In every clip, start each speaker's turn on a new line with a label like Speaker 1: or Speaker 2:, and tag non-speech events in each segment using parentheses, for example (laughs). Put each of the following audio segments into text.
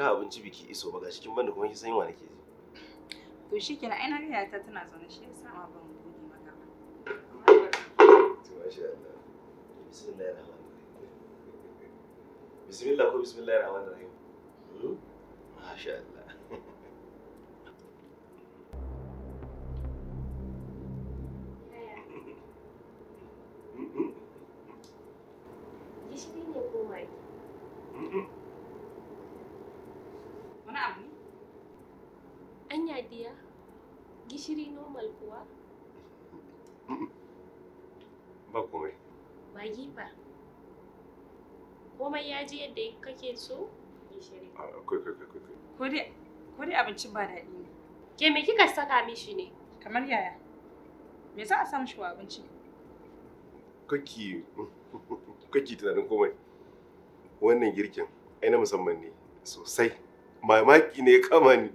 Speaker 1: kan abinci biki iso ba gashi kin banda kuma
Speaker 2: kin san yunwa nake ji
Speaker 3: to shikenan ai na ga yata tana zaune shi yasa ma ban gode maka
Speaker 2: ba to masha Allah bismillahir rahmanir rahim bismillah ko bismillahir hmm? masha Allah
Speaker 1: komai ya ji yadda kake so
Speaker 3: ko dai abincin ba daɗi ne ke me kika saka mishi ne kamar yaya me za a sa mishi wa abinci
Speaker 2: kaki kaki (laughs) tunanin komai wannan girkin ai na musamman ne sosai mamaki ne kama ni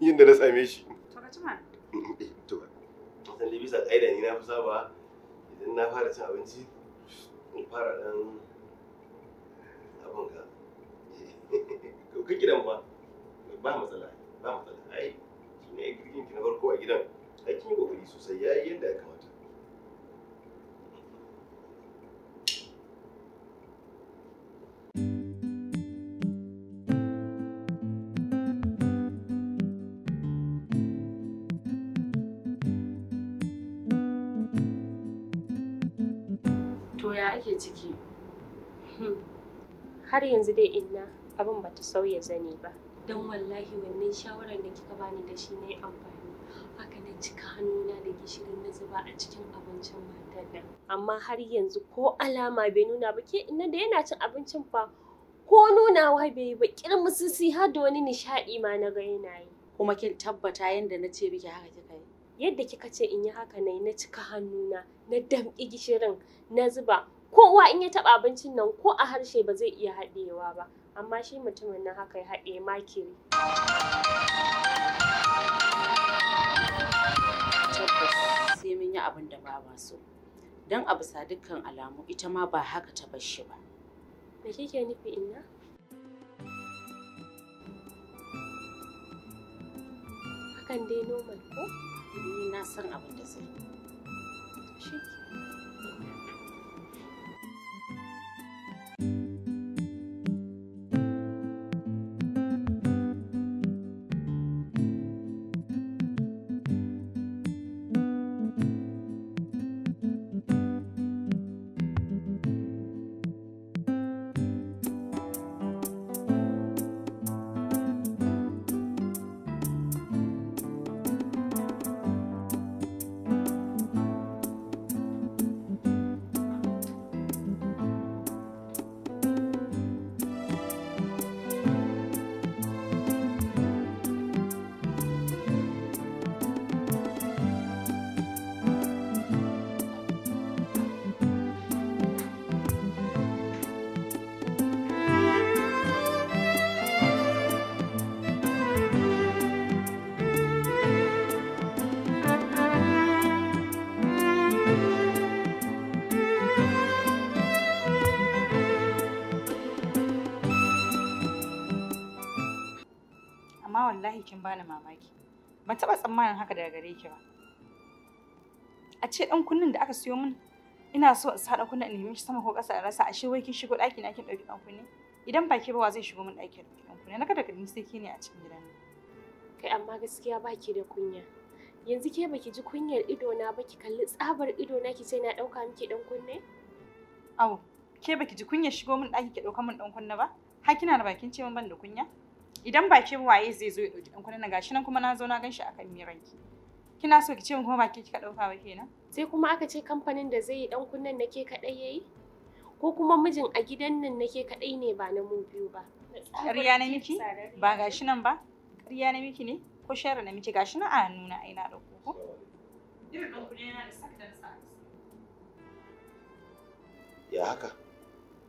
Speaker 2: (laughs) yadda na same shi to ka tuma (laughs) eh, to san bisa ƙaida ni na fi saba idan na fara cin abinci in fara ɗan. abin ka ka gidan ba ba matsala ba matsala ai shi ne girkin ki na farko a gidan ai kin yi kokari sosai yayi yanda ya kamata
Speaker 1: to ya ake ciki har yanzu dai inna abin bata sauya zani ba don wallahi wannan shawarar da kika bani da shi na amfani haka na cika hannuna da gishirin na zuba a cikin abincin matar nan amma har yanzu ko alama bai nuna ba ke inna da yana cin abincin fa ko nunawa bai yi ba kirmusisi har da wani nishaɗi ma na ga yana yi kuma kin tabbata yanda na ce biki haka kika yi yadda kika ce in yi haka na na cika hannuna na damƙi gishirin na zuba kowa in ya taɓa abincin nan ko a harshe ba zai iya haɗewa ba amma shi mutumin nan haka ya haɗe makiri
Speaker 3: tabbas sai mun yi abin da ba ma so don a bisa dukkan alamu ita ma ba haka ta bar shi ba
Speaker 1: me kike nufi inna hakan dai normal ko ni na san abin da zai yi
Speaker 3: wallahi kin bani mamaki. Ban taɓa tsammanin haka daga gare ki ba. A ce ɗan kunnin da aka siyo min ina so in sa ɗan kunnen in shi sama ko ƙasa in rasa ashe wai kin shigo daki na kin ɗauki ɗan kunne. Idan ba ke ba wa zai shigo min daki ɗauki ɗan kunne. Na kada ka sai ke ne a cikin gidan
Speaker 1: Kai amma gaskiya ba ki da kunya. Yanzu ke baki ji kunyar idona ba ki kalli tsabar idona ki ce na ɗauka miki ɗan kunne?
Speaker 3: Au, ke baki ji kunyar shigo min daki ki dauka min ɗan kunne ba? Har kina da bakin ce min ban da kunya? idan bakin waye zai zo ya ɗauki ɗan kuɗin gashi nan kuma na zo na gan shi akan miranki kina so ki ce min kuma baki kika ɗauka ba kenan sai
Speaker 1: kuma aka ce kamfanin da zai yi ɗan kunnen nake kaɗai yayi ko kuma mijin a gidan nan nake kaɗai
Speaker 3: ne ba na mu
Speaker 1: biyu ba ƙarya na miki ba
Speaker 3: gashi nan ba ƙarya na miki ne ko share na miki gashi nan a nuna a ina ɗauko ko yana da sak sa
Speaker 2: ya haka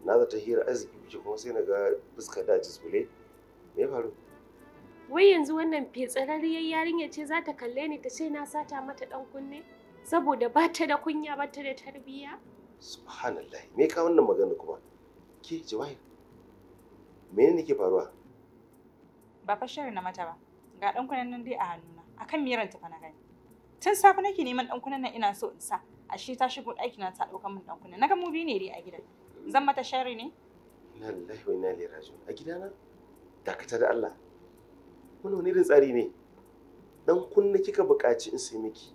Speaker 2: na zata hira arziki kuma sai na ga fuskar da jisbule Me ya faru?
Speaker 1: Wai yanzu wannan fetsararriyar yarinya ce za ta kalle ni ta ce na sata mata dan kunne? Saboda ba ta da kunya ba ta da tarbiyya?
Speaker 2: Subhanallah, me ka wannan magana kuma? Ke Jawahir, menene ke faruwa?
Speaker 3: Ba fa shirin na mata ba. Ga dan kunnen nan dai a hannuna. Akan miran ta fa na gani. Tun safe nake neman dan kunnen nan ina so in sa. Ashe ta shigo ɗakina ta ɗauka min ɗankunan. Na ga mu biyu ne dai a gidan. Zan mata shari ne?
Speaker 2: Lallahi wai na lera raji'un. A gidana? dakata da Allah wani wani irin tsari ne dan kunna kika buƙaci in sai miki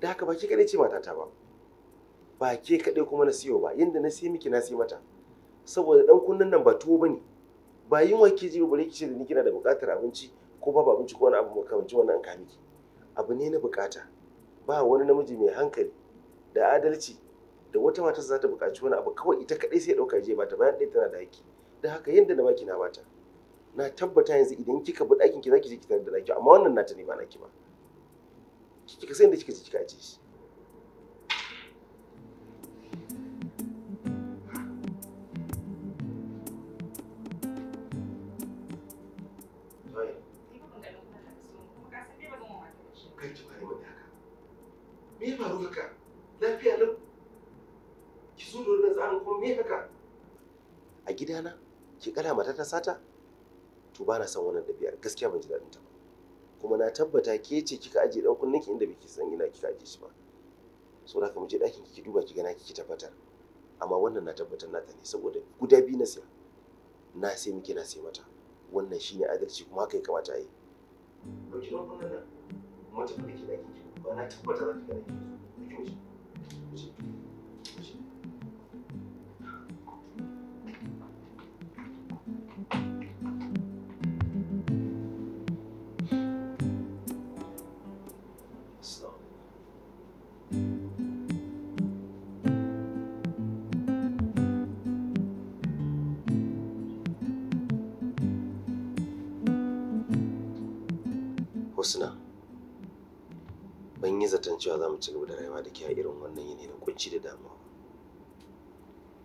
Speaker 2: da haka ba kika kaɗai ce matata ba ba ke kaɗai kuma na siyo ba yadda na sai miki na sai mata saboda dan kunnen nan ba tuwo bane ba yin wanke ji bare ki ce da ni kina da buƙatar abinci ko ba abinci ko wani abu makamanci wannan an miki abu ne na buƙata ba wani namiji mai hankali da adalci da wata mata za ta buƙaci wani abu kawai ita kaɗai sai ya ɗauka je bata bayan ɗaya tana da haƙƙi don haka yadda na baki na bata na tabbata yanzu idan kika bi ɗakin ki zaki je ki tare da naki amma wannan nata ne ba naki ba kika san da kika je kika aje shi me ya faru haka lafiya nan ki zo da wannan tsarin kuma me haka a gidana ki kara mata ta sata to ba na san wannan ɗabi'ar gaskiya ban ji daɗin ta kuma na tabbata ke ce kika ajiye ɗan kunnen ki inda biki san ina kika ajiye shi ba so da mu je ɗakin ki duba ki gana kiki tabbatar amma wannan na tabbatar ta ne saboda guda biyu na siya na sai miki na sai mata wannan shine adalci kuma haka ya kamata a yi husna ban yi zaton cewa za mu ci gaba da rayuwa da ke irin wannan yini na kunci da damuwa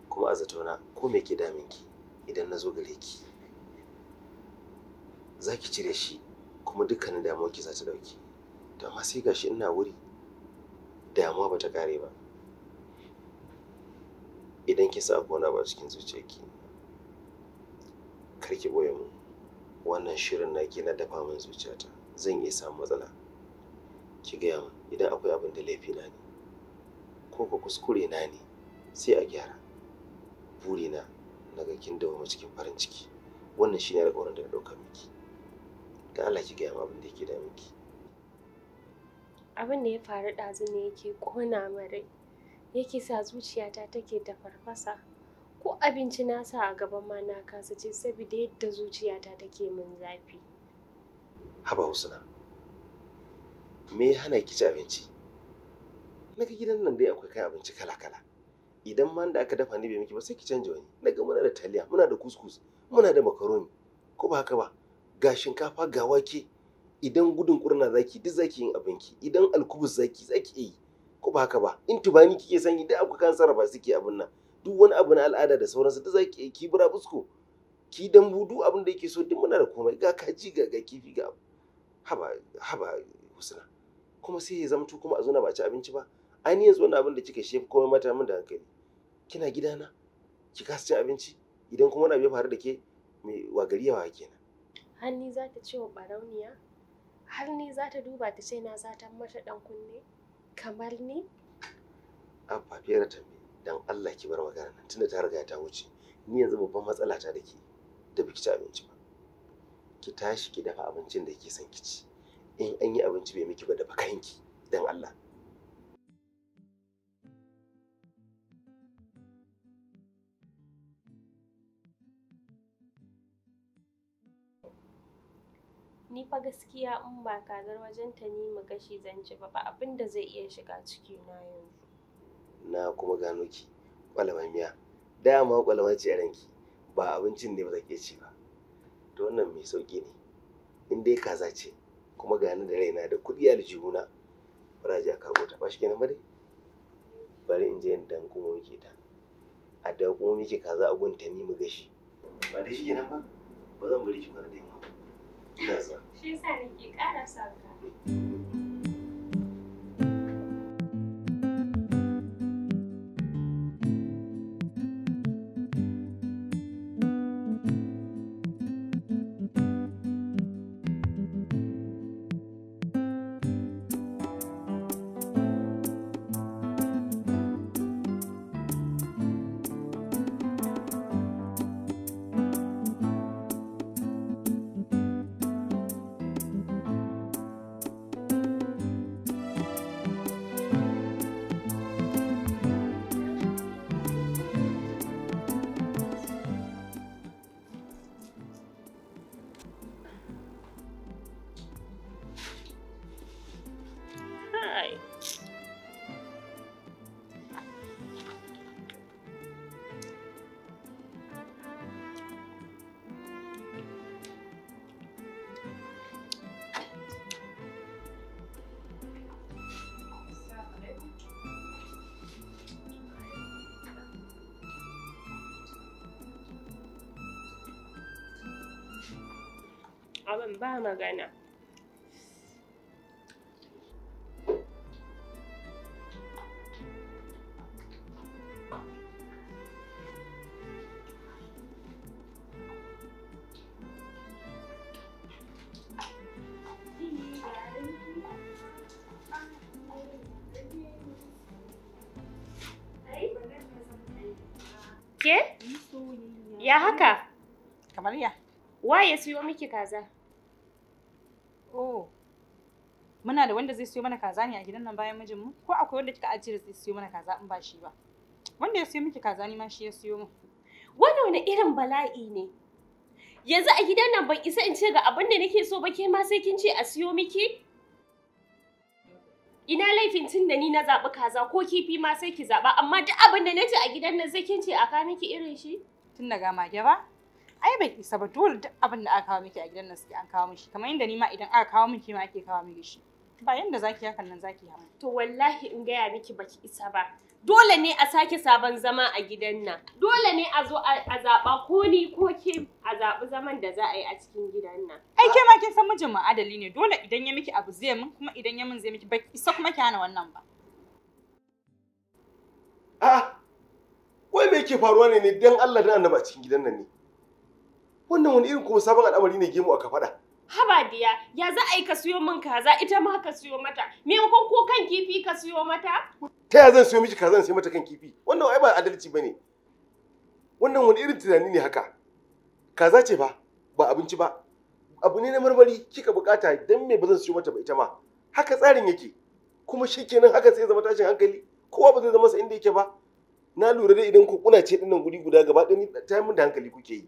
Speaker 2: kuma a zatona ko me ke ki idan na zo gare ki za ki cire shi kuma dukkanin damuwa ki za ta dauki to amma sai gashi ina wuri damuwa ba ta kare ba idan ki sa kona ba cikin zuciyarki kar ki boye mu wannan shirin naki na dafa min zuciyata zan iya samun matsala ki gaya min idan akwai abin da laifina ne ko ka kuskure na ne sai a gyara burina na ga kin dawo cikin farin ciki wannan shine alƙawarin da na ɗauka miki da Allah ki gaya min abin da yake da miki
Speaker 1: abin da ya faru ɗazu ne yake ƙona rai yake sa zuciyata take da farfasa ko abinci na sa a gaban ma na kasa saboda yadda zuciyata take min zafi
Speaker 2: haba husna me ya hana ki ci abinci na ga gidan nan dai akwai kai abinci kala kala idan ma da aka dafa ni bai miki ba sai ki canja wani na ga muna da taliya muna da kuskus muna da makaroni ko ba haka ba ga shinkafa ga wake idan gudun kurna zaki duk zaki yin abinki idan alkubus zaki zaki yi ko ba haka ba in tubani kike sanyi idan akwai kan sarrafa suke abin nan duk wani abu na al'ada da sauransu duk zaki yi ki busko ki dambu duk abin da yake so duk muna da komai ga kaji ga ga kifi ga abu haba haba husna kuma sai ya zamto kuma a zo ba ci abinci ba ainihin yanzu wani abin da kika shi komai mata min da hankali kina gidana ki kasa cin abinci idan kuma wani abu ya faru da ke mai wagari yawa kenan
Speaker 1: har ni za ta ce wa barauniya har ni za ta duba ta ce na ta mata dan kunne kamar ni
Speaker 2: abba fera ta dan Allah ki bar magana tunda ta riga ta wuce ni yanzu babban matsala ta da ke da biki ci abinci ki tashi ki dafa abincin da ke son ki ci in an yi abinci bai miki ba dafa kanki dan Allah
Speaker 1: ni fa gaskiya in ba kazar wajen ta ni mu gashi zan ci ba abin da zai iya shiga ciki na yanzu
Speaker 2: na kuma gano ki kwalama miya dama kwalama ce ranki ba abincin ne ba zake ci ba to wannan mai sauki ne in dai kaza ce kuma ga ni da raina da kuɗi a aljihuna bara ji a karɓo ta ba shi kenan ba dai bari in je yin dan kuma muke ta a da kuma muke kaza a gunta ni mu gashi ba dai shi kenan ba ba zan bari ki bar dai ma ina sa
Speaker 1: shi yasa nake ƙara sa ka abin ba magana Ke? Ya
Speaker 3: haka? Kamar ya. Wa ya siyo miki kaza? Oh. Muna da wanda zai siyo mana kaza ne a gidan nan bayan mijinmu? Ko akwai wanda kika ajiye da zai siyo mana kaza in ba shi ba? Wanda ya siyo miki kaza ne ma shi ya siyo mu. Wannan wani irin bala'i ne? Yanzu a gidan nan ban isa in ce ga abin da nake so ba ke ma sai kin ce
Speaker 1: a siyo miki? Ina laifin tun da ni na zaɓi kaza ko
Speaker 3: kifi ma sai ki zaɓa amma duk abin da na ce a gidan nan sai kin ce a ka miki irin shi? Tun ga mage ba? ai bai isa ba dole duk abin da aka kawo miki a gidan nan sai an kawo miki kamar yadda ni ma idan aka kawo miki ma ake kawo miki shi ba yanda zaki hakan nan zaki hamu to wallahi in gaya miki baki isa ba
Speaker 1: dole ne a sake sabon zama a gidan nan
Speaker 3: dole ne a zo a zaɓa ko ni ko ke a zaɓi zaman da za a yi a cikin gidan nan ai ke ma kin san mijin adali ne dole idan ya miki abu zai min kuma idan ya min zai miki baki isa kuma ki hana wannan ba
Speaker 2: a'a ah! wai me yake faruwa ne ne dan Allah dan annaba a cikin gidan nan ne wannan wani irin kuma sabon al'amari ne gemu aka faɗa.
Speaker 1: Haba ya za a yi ka siyo min kaza ita ma ka siyo mata. Me ko kan kifi ka siyo mata?
Speaker 2: Ta ya zan siyo miki kaza in siyo mata kan kifi? Wannan ai ba adalci ba ne. Wannan wani irin tunani ne haka? Kaza ce ba, ba abinci ba. Abu ne na marmari kika bukata dan me ba zan siyo mata ba ita ma. Haka tsarin yake. Kuma shikenan haka sai zama tashin hankali. Kowa ba zai zama sa inda yake ba. Na lura da idan ku kuna ce dinnan guri guda gaba ɗaya ta yi min da hankali kuke yi.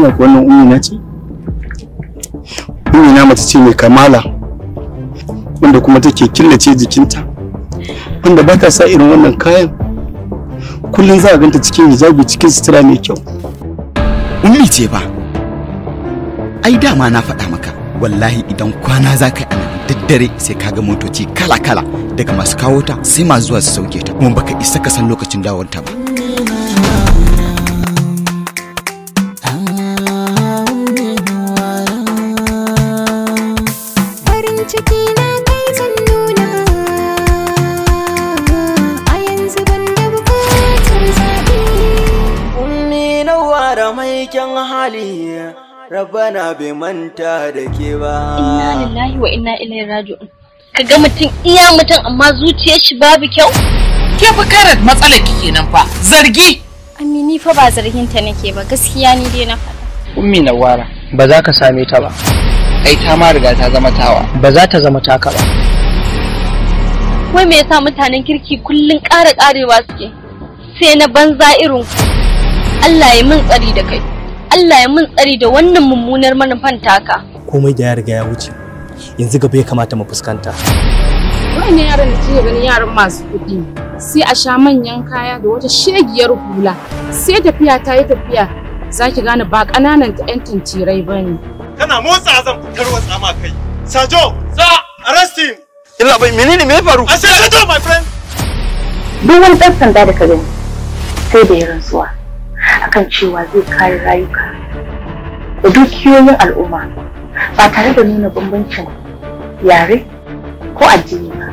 Speaker 2: ina ga wannan ummi na ce ummi na mace ce mai kamala wanda kuma take killace jikinta wanda ba ta sa irin wannan kayan kullum za a ganta cikin hijabi cikin sutura mai kyau umi ce ba ai dama na faɗa maka wallahi idan kwana za ka yi daddare sai ka ga motoci kala-kala daga masu kawo ta sai masu zuwa su sauke ta kuma baka isa ka san lokacin dawonta ta ba rabana bai manta da
Speaker 1: ke ba inna lillahi wa inna ilaihi Ka kaga mutum iya mutum amma zuciyar shi babu kyau ke fa karar matsalar ki kenan fa zargi amini fa ba zargin ta nake ba gaskiya ni dai na faɗa
Speaker 3: ummi nawara ba za ka same ta ba kai ta ma riga ta zama tawa ba za ta zama taka ba
Speaker 1: wai me yasa mutanen kirki kullun ƙara ƙarewa suke sai na banza irin ku Allah ya min tsari da kai Allah ya mun tsari da wannan mummunar manufan taka
Speaker 2: komai da ya riga ya wuce yanzu gaba ya kamata mu fuskanta
Speaker 1: ne yaran da kike ganin yaran masu kuɗi sai a sha manyan kaya da wata shegiyar hula sai tafiya ta yi tafiya za ki gane ba ƙananan ta 'yan tantirai ba ne
Speaker 2: kana motsa zan fitar wa tsama kai sajo za arrest him illa bai menene me faru a sajo my friend
Speaker 3: duk wani ɗan sanda da ka gani sai da yi rantsuwa
Speaker 1: akan cewa zai kare rayuka da dukiyoyin al'umma ba
Speaker 3: tare da nuna bambancin yare ko addini ba.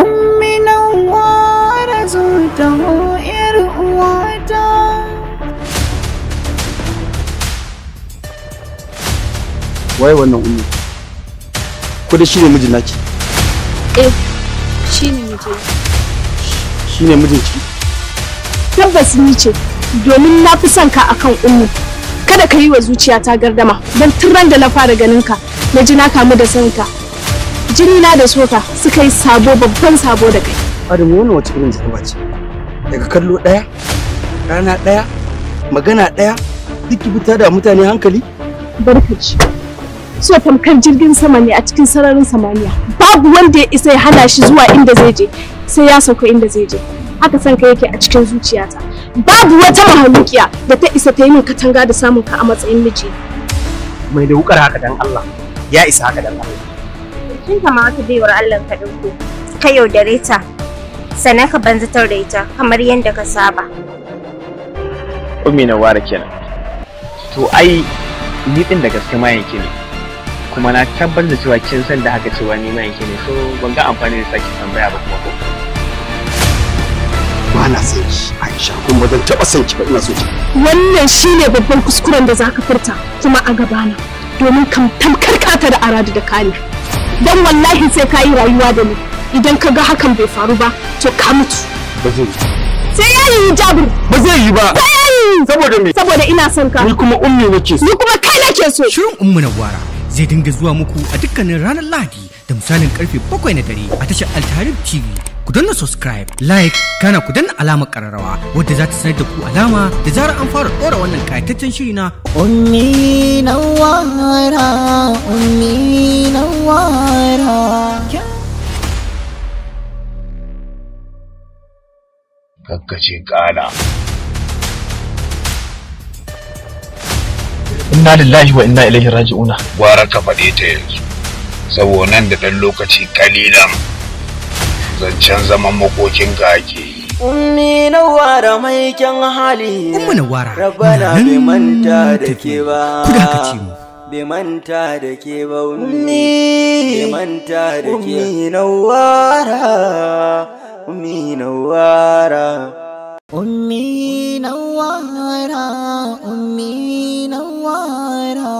Speaker 3: Ummi nawara zo ta yar uwata.
Speaker 2: Wai wannan ummi? Ko da shi ne mijin naki?
Speaker 1: Eh, shi ne mijin.
Speaker 2: Shi ne ki?
Speaker 1: Tabbas ni ce. domin na fi son ka akan ummu kada ka yi wa zuciyata gardama don turan da na fara ganin ka na ji na kamu da son ka jini na da soka suka yi sabo babban sabo da kai
Speaker 2: adamu wani wace irin jarba ce daga kallo ɗaya rana ɗaya
Speaker 1: magana ɗaya duk fita da mutane hankali barkaci so tamkar jirgin sama ne a cikin sararin samaniya babu wanda ya isa ya hana shi zuwa inda zai je sai ya sauka inda zai je haka san ka yake a cikin zuciyata babu wata mahalukiya da ta isa ta yi min katanga da samun ka a matsayin miji
Speaker 2: mai da wukar haka dan Allah ya isa haka dan Allah
Speaker 1: kin ma wata baiwar Allah ka dauko ka yaudare ta sannan ka banza da ita kamar yadda ka saba
Speaker 2: ummi na ware kenan to ai ni din da gaske ma yanke ne kuma na tabbatar da cewa kin san da haka cewa ni ma yanke ne so ban ga amfani da sake tambaya ba kuma ko ana son shi Aisha ba zan taba son ki ba ina so ki
Speaker 1: wannan shine babban kuskuren da zaka furta kuma a gaba na domin kan tamkar kata da aradu da kani dan wallahi sai ka yi rayuwa da ni idan ka ga hakan bai faru ba to ka mutu ba zai sai ya yi jabir ba zai yi ba ya yi saboda me saboda ina son ka ni kuma
Speaker 3: ummi nake so ni kuma kai nake so shirin ummu na gwara zai dinga zuwa muku a dukkanin ranar Lahadi da misalin karfe 7 na dare a tashar Altarib TV ku danna subscribe like kana ku danna alamar kararrawa wadda za ta sanar da ku alama da zarar an fara ɗora wannan kayataccen shiri na
Speaker 2: ummi nawara
Speaker 3: ummi nawara
Speaker 2: kakkace kana inna lillahi wa inna ilaihi raji'una gwara ka faɗe ta yanzu saboda nan da ɗan lokaci kalilan zancen zaman makokin ga ake yi
Speaker 3: Ummi na wara mai kyan hali Ummi na
Speaker 2: wara bai manta da ke ba Kuda ka ce mu manta da ke ba ummi Bai manta na wara Ummi na Ummi
Speaker 1: na
Speaker 2: Ummi na wara